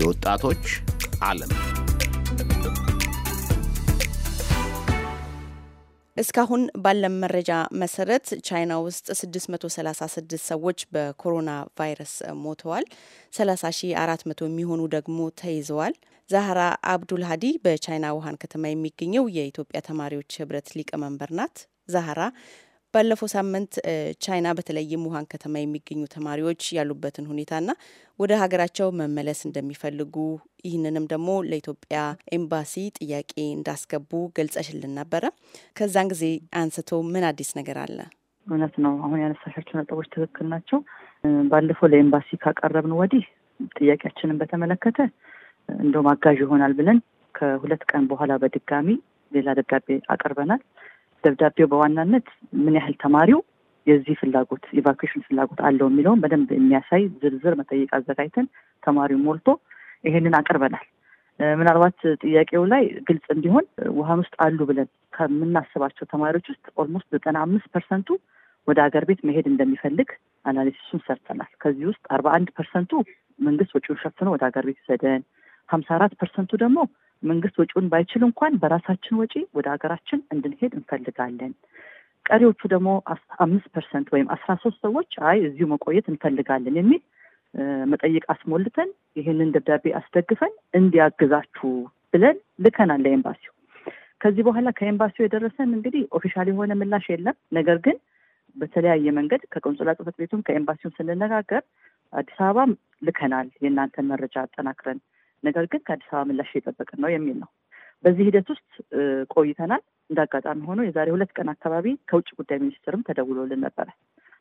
የወጣቶች ዓለም እስካሁን ባለም መረጃ መሰረት ቻይና ውስጥ 636 ሰዎች በኮሮና ቫይረስ ሞተዋል። 3400 የሚሆኑ ደግሞ ተይዘዋል። ዛህራ አብዱል በቻይና ውሃን ከተማ የሚገኘው የኢትዮጵያ ተማሪዎች ህብረት ሊቀመንበር ናት። ዛህራ ባለፈው ሳምንት ቻይና በተለይም ውሃን ከተማ የሚገኙ ተማሪዎች ያሉበትን ሁኔታና ወደ ሀገራቸው መመለስ እንደሚፈልጉ ይህንንም ደግሞ ለኢትዮጵያ ኤምባሲ ጥያቄ እንዳስገቡ ገልጸሽልን ነበረ። ከዛን ጊዜ አንስቶ ምን አዲስ ነገር አለ? እውነት ነው። አሁን ያነሳሻቸው ነጥቦች ትክክል ናቸው። ባለፈው ለኤምባሲ ካቀረብን ወዲህ ጥያቄያችንን በተመለከተ እንደውም አጋዥ ይሆናል ብለን ከሁለት ቀን በኋላ በድጋሚ ሌላ ደብዳቤ አቅርበናል። ደብዳቤው በዋናነት ምን ያህል ተማሪው የዚህ ፍላጎት ኢቫኩዌሽን ፍላጎት አለው የሚለውን በደንብ የሚያሳይ ዝርዝር መጠየቅ አዘጋጅተን ተማሪው ሞልቶ ይሄንን አቅርበናል። ምናልባት ጥያቄው ላይ ግልጽ እንዲሆን ውሃን ውስጥ አሉ ብለን ከምናስባቸው ተማሪዎች ውስጥ ኦልሞስት ዘጠና አምስት ፐርሰንቱ ወደ ሀገር ቤት መሄድ እንደሚፈልግ አናሊሲሱን ሰርተናል። ከዚህ ውስጥ አርባ አንድ ፐርሰንቱ መንግስት ወጪውን ሸፍኖ ወደ ሀገር ቤት ይሰደን፣ ሀምሳ አራት ፐርሰንቱ ደግሞ መንግስት ወጪውን ባይችል እንኳን በራሳችን ወጪ ወደ ሀገራችን እንድንሄድ እንፈልጋለን። ቀሪዎቹ ደግሞ አምስት ፐርሰንት ወይም አስራ ሶስት ሰዎች አይ እዚሁ መቆየት እንፈልጋለን የሚል መጠይቅ አስሞልተን ይህንን ደብዳቤ አስደግፈን እንዲያግዛችሁ ብለን ልከናል ለኤምባሲው። ከዚህ በኋላ ከኤምባሲው የደረሰን እንግዲህ ኦፊሻል የሆነ ምላሽ የለም። ነገር ግን በተለያየ መንገድ ከቆንስላ ጽፈት ቤቱም ከኤምባሲውም ስንነጋገር አዲስ አበባ ልከናል የእናንተን መረጃ አጠናክረን ነገር ግን ከአዲስ አበባ ምላሽ እየጠበቅን ነው የሚል ነው። በዚህ ሂደት ውስጥ ቆይተናል። እንደ አጋጣሚ ሆኖ የዛሬ ሁለት ቀን አካባቢ ከውጭ ጉዳይ ሚኒስትርም ተደውሎልን ነበረ።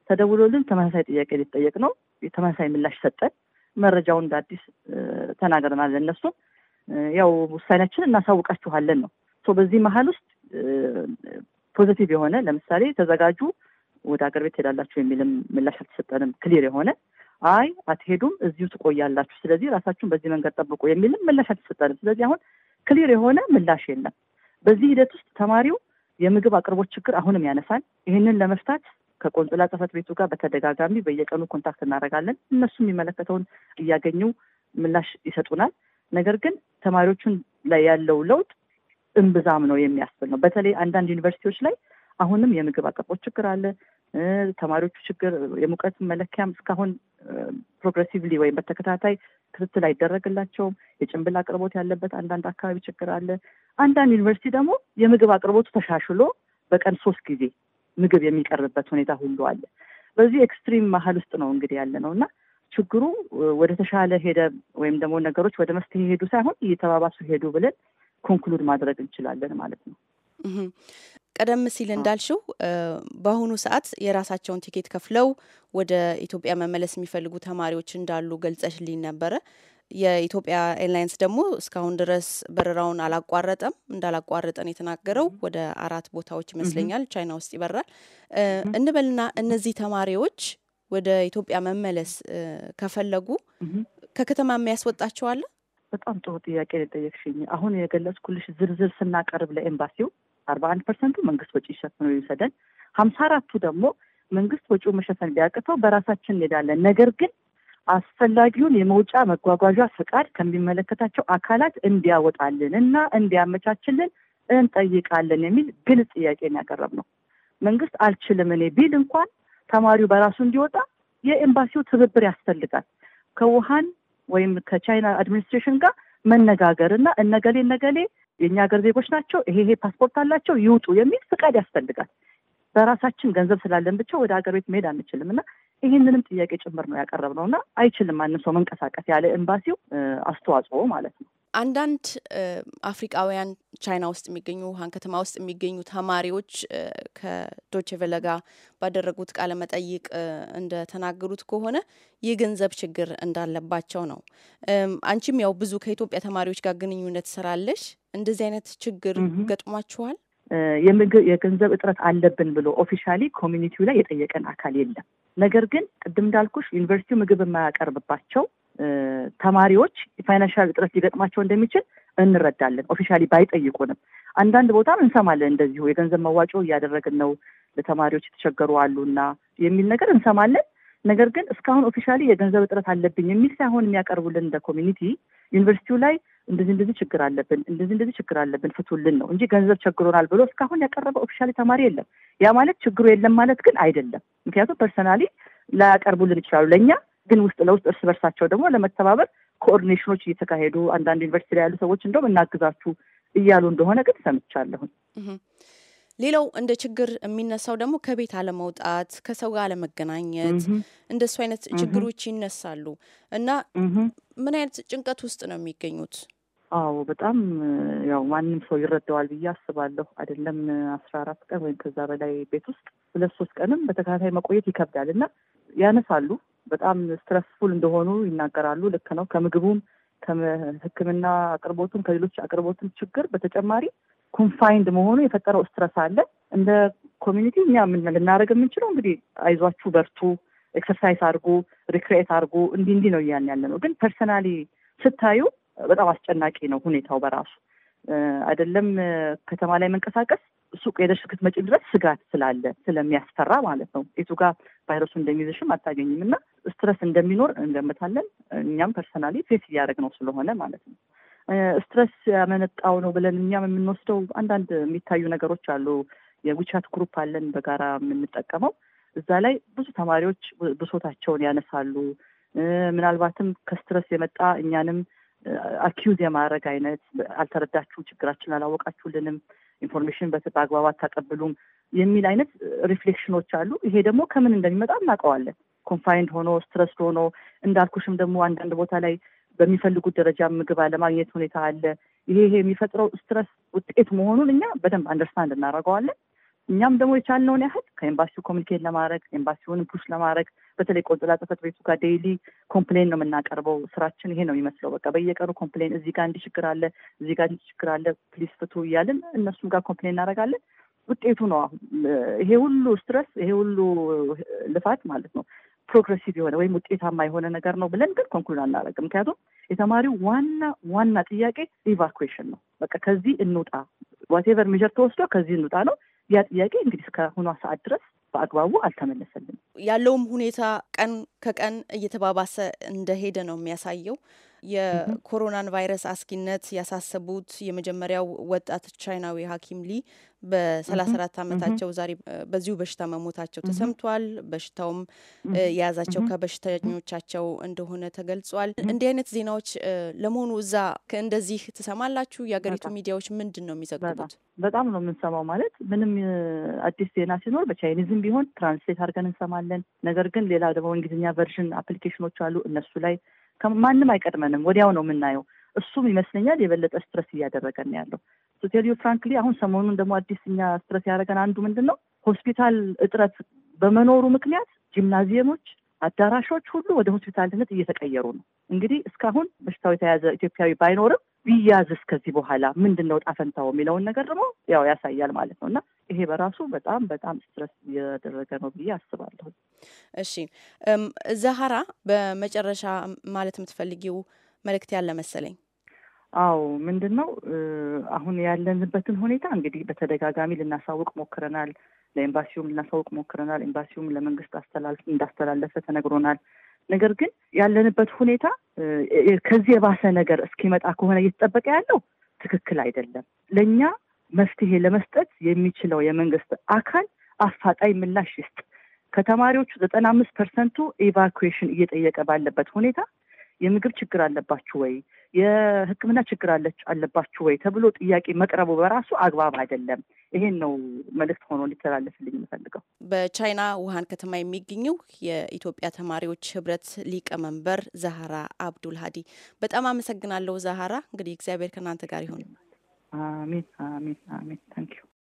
ተደውሎልን ተመሳሳይ ጥያቄ ሊጠየቅ ነው ተመሳሳይ ምላሽ ሰጠን። መረጃውን እንደ አዲስ ተናግረናል። እነሱ ያው ውሳኔያችን እናሳውቃችኋለን ነው። በዚህ መሀል ውስጥ ፖዘቲቭ የሆነ ለምሳሌ ተዘጋጁ ወደ ሀገር ቤት ትሄዳላችሁ የሚልም ምላሽ አልተሰጠንም። ክሊር የሆነ አይ አትሄዱም፣ እዚሁ ትቆያላችሁ፣ ስለዚህ ራሳችሁን በዚህ መንገድ ጠብቁ የሚልም ምላሽ አልተሰጠንም። ስለዚህ አሁን ክሊር የሆነ ምላሽ የለም። በዚህ ሂደት ውስጥ ተማሪው የምግብ አቅርቦት ችግር አሁንም ያነሳል። ይህንን ለመፍታት ከቆንጽላ ጽፈት ቤቱ ጋር በተደጋጋሚ በየቀኑ ኮንታክት እናደርጋለን። እነሱ የሚመለከተውን እያገኙ ምላሽ ይሰጡናል። ነገር ግን ተማሪዎቹን ላይ ያለው ለውጥ እምብዛም ነው የሚያስብል ነው። በተለይ አንዳንድ ዩኒቨርሲቲዎች ላይ አሁንም የምግብ አቅርቦት ችግር አለ። ተማሪዎቹ ችግር የሙቀት መለኪያም እስካሁን ፕሮግረሲቭሊ ወይም በተከታታይ ክትትል አይደረግላቸውም። የጭንብል አቅርቦት ያለበት አንዳንድ አካባቢ ችግር አለ። አንዳንድ ዩኒቨርሲቲ ደግሞ የምግብ አቅርቦቱ ተሻሽሎ በቀን ሶስት ጊዜ ምግብ የሚቀርብበት ሁኔታ ሁሉ አለ። በዚህ ኤክስትሪም መሀል ውስጥ ነው እንግዲህ ያለ ነው እና ችግሩ ወደ ተሻለ ሄደ ወይም ደግሞ ነገሮች ወደ መፍትሄ ሄዱ ሳይሆን እየተባባሱ ሄዱ ብለን ኮንክሉድ ማድረግ እንችላለን ማለት ነው። ቀደም ሲል እንዳልሽው በአሁኑ ሰዓት የራሳቸውን ቲኬት ከፍለው ወደ ኢትዮጵያ መመለስ የሚፈልጉ ተማሪዎች እንዳሉ ገልጸሽልኝ ነበረ። የኢትዮጵያ ኤርላይንስ ደግሞ እስካሁን ድረስ በረራውን አላቋረጠም። እንዳላቋረጠን የተናገረው ወደ አራት ቦታዎች ይመስለኛል ቻይና ውስጥ ይበራል። እንበልና እነዚህ ተማሪዎች ወደ ኢትዮጵያ መመለስ ከፈለጉ ከከተማ የሚያስወጣቸው አለ? በጣም ጥሩ ጥያቄ ነው የጠየቅሽኝ። አሁን የገለጽኩልሽ ዝርዝር ስናቀርብ ለኤምባሲው አርባ አንድ ፐርሰንቱ መንግስት ወጪ ሸፍኖ ይውሰደን። ሀምሳ አራቱ ደግሞ መንግስት ወጪው መሸፈን ቢያቅተው በራሳችን እንሄዳለን። ነገር ግን አስፈላጊውን የመውጫ መጓጓዣ ፈቃድ ከሚመለከታቸው አካላት እንዲያወጣልን እና እንዲያመቻችልን እንጠይቃለን የሚል ግልጽ ጥያቄ ያቀረብ ነው። መንግስት አልችልም እኔ ቢል እንኳን ተማሪው በራሱ እንዲወጣ የኤምባሲው ትብብር ያስፈልጋል። ከውሃን ወይም ከቻይና አድሚኒስትሬሽን ጋር መነጋገር እና እነገሌ እነገሌ የእኛ ሀገር ዜጎች ናቸው፣ ይሄ ይሄ ፓስፖርት አላቸው፣ ይውጡ የሚል ፍቃድ ያስፈልጋል። በራሳችን ገንዘብ ስላለን ብቻ ወደ ሀገር ቤት መሄድ አንችልም እና ይህንንም ጥያቄ ጭምር ነው ያቀረብነው እና አይችልም ማንም ሰው መንቀሳቀስ ያለ ኤምባሲው አስተዋጽኦ ማለት ነው። አንዳንድ አፍሪቃውያን ቻይና ውስጥ የሚገኙ ውሀን ከተማ ውስጥ የሚገኙ ተማሪዎች ከዶቼ ቬለ ጋር ባደረጉት ቃለ መጠይቅ እንደተናገሩት ከሆነ የገንዘብ ችግር እንዳለባቸው ነው። አንቺም ያው ብዙ ከኢትዮጵያ ተማሪዎች ጋር ግንኙነት ስራለሽ። እንደዚህ አይነት ችግር ገጥሟችኋል? የገንዘብ እጥረት አለብን ብሎ ኦፊሻሊ ኮሚኒቲው ላይ የጠየቀን አካል የለም። ነገር ግን ቅድም እንዳልኩሽ ዩኒቨርሲቲው ምግብ የማያቀርብባቸው ተማሪዎች ፋይናንሻል እጥረት ሊገጥማቸው እንደሚችል እንረዳለን። ኦፊሻሊ ባይጠይቁንም አንዳንድ ቦታም እንሰማለን እንደዚሁ የገንዘብ መዋጮ እያደረግን ነው ለተማሪዎች የተቸገሩ አሉና የሚል ነገር እንሰማለን። ነገር ግን እስካሁን ኦፊሻሊ የገንዘብ እጥረት አለብኝ የሚል ሳይሆን የሚያቀርቡልን እንደ ኮሚኒቲ ዩኒቨርሲቲው ላይ እንደዚህ እንደዚህ ችግር አለብን፣ እንደዚህ እንደዚህ ችግር አለብን ፍቱልን ነው እንጂ ገንዘብ ቸግሮናል ብሎ እስካሁን ያቀረበ ኦፊሻሊ ተማሪ የለም። ያ ማለት ችግሩ የለም ማለት ግን አይደለም። ምክንያቱም ፐርሰናሊ ላያቀርቡልን ይችላሉ ለእኛ ግን ውስጥ ለውስጥ እርስ በርሳቸው ደግሞ ለመተባበር ኮኦርዲኔሽኖች እየተካሄዱ አንዳንድ ዩኒቨርሲቲ ላይ ያሉ ሰዎች እንደውም እናግዛችሁ እያሉ እንደሆነ ግን ሰምቻለሁ። ሌላው እንደ ችግር የሚነሳው ደግሞ ከቤት አለመውጣት፣ ከሰው ጋር አለመገናኘት፣ እንደሱ አይነት ችግሮች ይነሳሉ እና ምን አይነት ጭንቀት ውስጥ ነው የሚገኙት? አዎ በጣም ያው ማንም ሰው ይረዳዋል ብዬ አስባለሁ። አይደለም አስራ አራት ቀን ወይም ከዛ በላይ ቤት ውስጥ ሁለት ሶስት ቀንም በተከታታይ መቆየት ይከብዳል እና ያነሳሉ በጣም ስትረስፉል እንደሆኑ ይናገራሉ። ልክ ነው። ከምግቡም ከሕክምና አቅርቦቱም ከሌሎች አቅርቦቱም ችግር በተጨማሪ ኮንፋይንድ መሆኑ የፈጠረው ስትረስ አለ። እንደ ኮሚኒቲ እኛ ልናደርግ የምንችለው እንግዲህ አይዟችሁ፣ በርቱ፣ ኤክሰርሳይዝ አድርጉ፣ ሪክሬት አድርጉ እንዲህ እንዲህ ነው እያን ያለ ነው። ግን ፐርሰናሊ ስታዩ በጣም አስጨናቂ ነው ሁኔታው በራሱ አይደለም። ከተማ ላይ መንቀሳቀስ ሱቅ ሄደሽ እስክትመጪ ድረስ ስጋት ስላለ ስለሚያስፈራ ማለት ነው። የቱ ጋር ቫይረሱ እንደሚይዝሽም አታገኝም እና ስትረስ እንደሚኖር እንገምታለን። እኛም ፐርሰናሊ ፌስ ነው ስለሆነ ማለት ነው። ስትረስ ያመነጣው ነው ብለን እኛም የምንወስደው አንዳንድ የሚታዩ ነገሮች አሉ። የጉቻት ግሩፕ አለን በጋራ የምንጠቀመው። እዛ ላይ ብዙ ተማሪዎች ብሶታቸውን ያነሳሉ። ምናልባትም ከስትረስ የመጣ እኛንም አኪዩዝ የማድረግ አይነት አልተረዳችሁ፣ ችግራችን አላወቃችሁልንም፣ ኢንፎርሜሽን በአግባብ አታቀብሉም የሚል አይነት ሪፍሌክሽኖች አሉ። ይሄ ደግሞ ከምን እንደሚመጣ እናውቀዋለን። ኮንፋይንድ ሆኖ ስትረስ ሆኖ እንዳልኩሽም ደግሞ አንዳንድ ቦታ ላይ በሚፈልጉት ደረጃ ምግብ አለማግኘት ሁኔታ አለ። ይሄ ይሄ የሚፈጥረው ስትረስ ውጤት መሆኑን እኛ በደንብ አንደርስታንድ እናደርገዋለን። እኛም ደግሞ የቻልነውን ያህል ከኤምባሲው ኮሚኒኬት ለማድረግ ኤምባሲውን ፑሽ ለማድረግ በተለይ ቆንጽላ ጽፈት ቤቱ ጋር ዴይሊ ኮምፕሌን ነው የምናቀርበው። ስራችን ይሄ ነው የሚመስለው። በቃ በየቀኑ ኮምፕሌን፣ እዚህ ጋር እንዲህ ችግር አለ፣ እዚህ ጋር እንዲህ ችግር አለ፣ ፕሊስ ፍቱ እያልን እነሱም ጋር ኮምፕሌን እናደርጋለን። ውጤቱ ነው አሁን ይሄ ሁሉ ስትረስ ይሄ ሁሉ ልፋት ማለት ነው ፕሮግረሲቭ የሆነ ወይም ውጤታማ የሆነ ነገር ነው ብለን ግን ኮንክሉድ አናደርግም። ምክንያቱም የተማሪው ዋና ዋና ጥያቄ ኢቫኩዌሽን ነው። በቃ ከዚህ እንውጣ፣ ዋቴቨር ሜዥር ተወስዶ ከዚህ እንውጣ ነው። ያ ጥያቄ እንግዲህ እስከሆኗ ሰዓት ድረስ በአግባቡ አልተመለሰልንም። ያለውም ሁኔታ ቀን ከቀን እየተባባሰ እንደሄደ ነው የሚያሳየው። Mm-hmm. የኮሮናን ቫይረስ አስጊነት ያሳሰቡት የመጀመሪያው ወጣት ቻይናዊ ሐኪም ሊ በ34 ዓመታቸው mm-hmm. mm-hmm. ዛሬ በዚሁ በሽታ መሞታቸው ተሰምቷል። በሽታውም የያዛቸው ከበሽተኞቻቸው እንደሆነ ተገልጿል። እንዲህ አይነት ዜናዎች ለመሆኑ እዛ እንደዚህ ትሰማላችሁ? የሀገሪቱ ሚዲያዎች ምንድን ነው የሚዘግቡት? በጣም ነው የምንሰማው። ማለት ምንም አዲስ ዜና ሲኖር በቻይኒዝም ቢሆን ትራንስሌት አድርገን እንሰማለን። ነገር ግን ሌላ ደግሞ እንግሊዝኛ ቨርዥን አፕሊኬሽኖች አሉ እነሱ ላይ ማንም አይቀድመንም፣ ወዲያው ነው የምናየው። እሱም ይመስለኛል የበለጠ ስትረስ እያደረገን ያለው። ቴሪዮ ፍራንክሊ አሁን ሰሞኑን ደግሞ አዲስ እኛ ስትረስ ያደረገን አንዱ ምንድን ነው ሆስፒታል እጥረት በመኖሩ ምክንያት ጂምናዚየሞች፣ አዳራሾች ሁሉ ወደ ሆስፒታልነት እየተቀየሩ ነው። እንግዲህ እስካሁን በሽታው የተያዘ ኢትዮጵያዊ ባይኖርም ቢያዝስ እስከዚህ በኋላ ምንድን ነው ጣፈንታው የሚለውን ነገር ደግሞ ያው ያሳያል ማለት ነው እና ይሄ በራሱ በጣም በጣም ስትረስ እየደረገ ነው ብዬ አስባለሁ። እሺ ዘሀራ፣ በመጨረሻ ማለት የምትፈልጊው መልእክት ያለ መሰለኝ። አው ምንድን ነው አሁን ያለንበትን ሁኔታ እንግዲህ በተደጋጋሚ ልናሳውቅ ሞክረናል። ለኤምባሲውም ልናሳውቅ ሞክረናል። ኤምባሲውም ለመንግስት እንዳስተላለፈ ተነግሮናል። ነገር ግን ያለንበት ሁኔታ ከዚህ የባሰ ነገር እስኪመጣ ከሆነ እየተጠበቀ ያለው ትክክል አይደለም ለእኛ መፍትሄ ለመስጠት የሚችለው የመንግስት አካል አፋጣኝ ምላሽ ይስጥ። ከተማሪዎቹ ዘጠና አምስት ፐርሰንቱ ኤቫኩዌሽን እየጠየቀ ባለበት ሁኔታ የምግብ ችግር አለባችሁ ወይ፣ የሕክምና ችግር አለባችሁ ወይ ተብሎ ጥያቄ መቅረቡ በራሱ አግባብ አይደለም። ይሄን ነው መልእክት ሆኖ እንዲተላለፍልኝ የምፈልገው። በቻይና ውሃን ከተማ የሚገኘው የኢትዮጵያ ተማሪዎች ህብረት ሊቀመንበር ዛህራ አብዱል ሀዲ፣ በጣም አመሰግናለሁ። ዛህራ እንግዲህ እግዚአብሔር ከእናንተ ጋር ይሁን። Amen. Amen. Amen. Thank you.